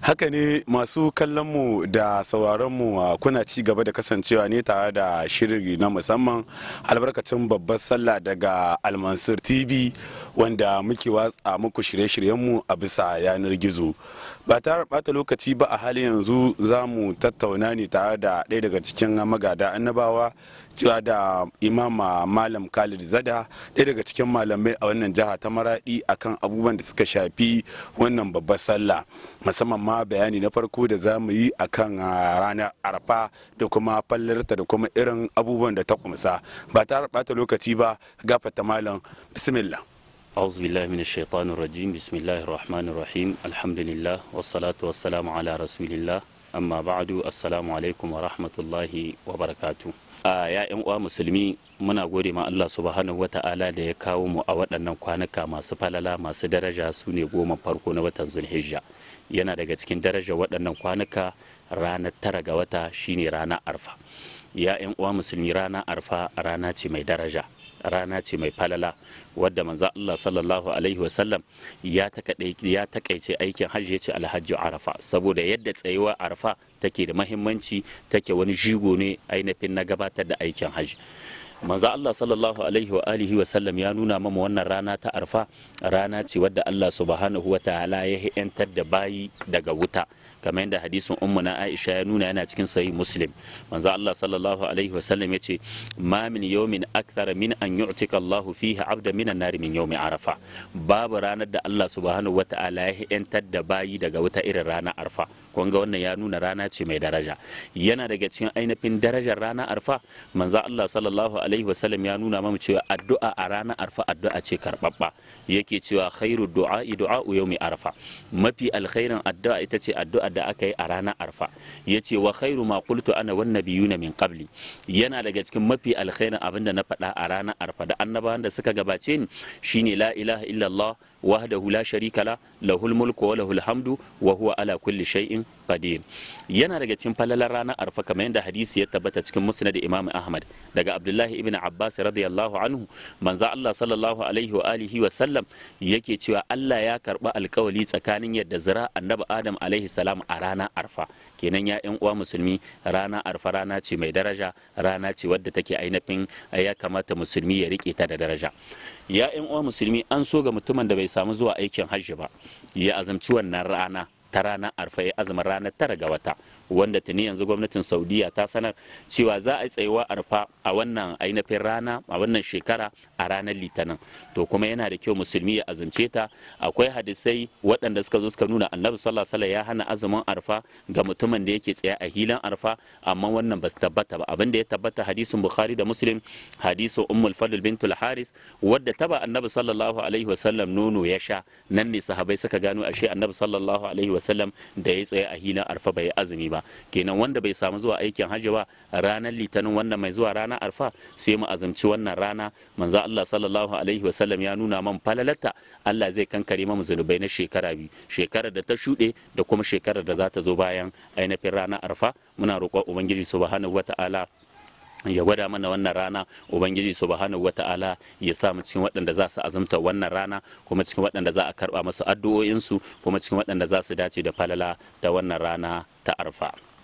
haka ne masu kallonmu da sauraronmu ah, kuna ci gaba da kasancewa ne tare da shiri na musamman albarkacin babbar sallah daga almansur tv wanda muke watsa muku shirye-shiryenmu a bisa yanar gizo ba tare bata lokaci ba a halin yanzu za mu tattauna ne tare da ɗaya daga cikin magada annabawa cewa da imama malam khalid zada ɗaya daga cikin malamai a wannan jiha ta maraɗi akan abubuwan da suka shafi wannan babbar sallah musamman ma bayani na farko da za mu yi akan ah, ranar arfa da kuma fallarta da kuma irin abubuwan da ta kumsa ba tare bata lokaci ba gafata malam bismillah أعوذ بالله من الشيطان الرجيم بسم الله الرحمن الرحيم الحمد لله والصلاة والسلام على رسول الله amma ba'adu assalamu alaikum wa rahmatullahi wa barakatu a ya'yan uwa musulmi muna gode ma Allah subhanahu wata'ala da ya kawo mu a waɗannan kwanuka masu falala masu daraja su ne goma farko na watan zulhijja yana daga cikin daraja waɗannan kwanuka ranar tara ga wata shine rana arfa ya'yan uwa musulmi rana arfa rana ce mai daraja rana ce mai falala wadda manzo Allah sallallahu alaihi wasallam ya ya takaice aikin hajji ya ce alhaji arafa saboda yadda tsayuwa arafa take da mahimmanci take wani jigo ne ainihin na gabatar da aikin hajji manzo Allah sallallahu alaihi wa alihi wasallam ya nuna mama wannan rana ta arafa rana ce wadda Allah subhanahu wa ta'ala ya yantar da bayi daga wuta kamar yadda hadisin ummu na Aisha ya nuna yana cikin sahih Muslim manzo Allah sallallahu alaihi wa sallam yace ma min yawmin akthara min an yu'tika Allah fihi 'abda min an-nar min yawmi Arafa babu ranar da Allah subhanahu wata'ala ya yantar da bayi daga wata irin rana Arfa kun ga wannan ya nuna rana ce mai daraja yana daga cikin ainihin darajar rana Arfa manzo Allah sallallahu alaihi wa sallam ya nuna mamu cewa addu'a a rana Arfa addu'a ce karbabba yake cewa khairu du'a du'a yawmi Arafa mafi alkhairin addu'a ita ce addu'a addu'ar da aka yi a ranar arfa ya ce wa khairu ma qultu ana wan nabiyuna min qabli yana daga cikin mafi alkhairin abin da na faɗa a ranar arfa da annabawan da suka gabace ni shine la ilaha illallah wahdahu la sharika la lahul mulku wa lahul hamdu wa huwa ala kulli shay'in qadir yana daga cikin falalar rana arfa kamar yadda hadisi ya tabbata cikin musnad imam ahmad daga abdullahi ibn abbas radiyallahu anhu manzo allah sallallahu alaihi wa alihi wa sallam yake cewa allah ya karba alkawali tsakanin yadda zira annabi adam alaihi salam a rana arfa kenan ya yan uwa musulmi rana arfa rana ce mai daraja rana ce wadda take ainihin ya kamata musulmi ya rike ta da daraja ya yan uwa musulmi an so ga mutumin da bai bai samu zuwa aikin hajji ba ya azamci wannan rana ta ranar arfa ya azumin ranar tara ga wata wanda tuni yanzu gwamnatin saudiya ta sanar cewa za a yi tsayuwa arfa a wannan ainihin rana a wannan shekara a ranar litinin to kuma yana da kyau musulmi ya azance ta akwai hadisai waɗanda suka zo suka nuna annabi sallallahu alaihi ya hana azumin arfa ga mutumin da yake tsaye a hilan arfa amma wannan ba su tabbata ba abin da ya tabbata hadisin bukhari da muslim hadisin ummul fadl bintul haris wadda taba annabi sallallahu alaihi wasallam nono ya sha nan ne sahabai suka gano ashe annabi sallallahu alaihi wasallam da ya tsaye a hilan arfa bai azumi ba ba kenan wanda bai samu zuwa aikin hajji ba ranar litinin wanda mai zuwa rana arfa sai mu azumci wannan rana manzo Allah sallallahu alaihi wasallam ya nuna man falalata Allah zai kankare mu zunubai na shekara biyu shekarar da ta shuɗe da kuma shekarar da za ta zo bayan ainihin ranar arfa muna roƙon ubangiji subhanahu wata'ala ya gwada mana wannan rana ubangiji subhanahu wata'ala ya sa mu cikin waɗanda za su azumta wannan rana kuma cikin waɗanda za a karba masu addu'o'insu kuma cikin waɗanda za su dace da falala ta wannan rana ta arfa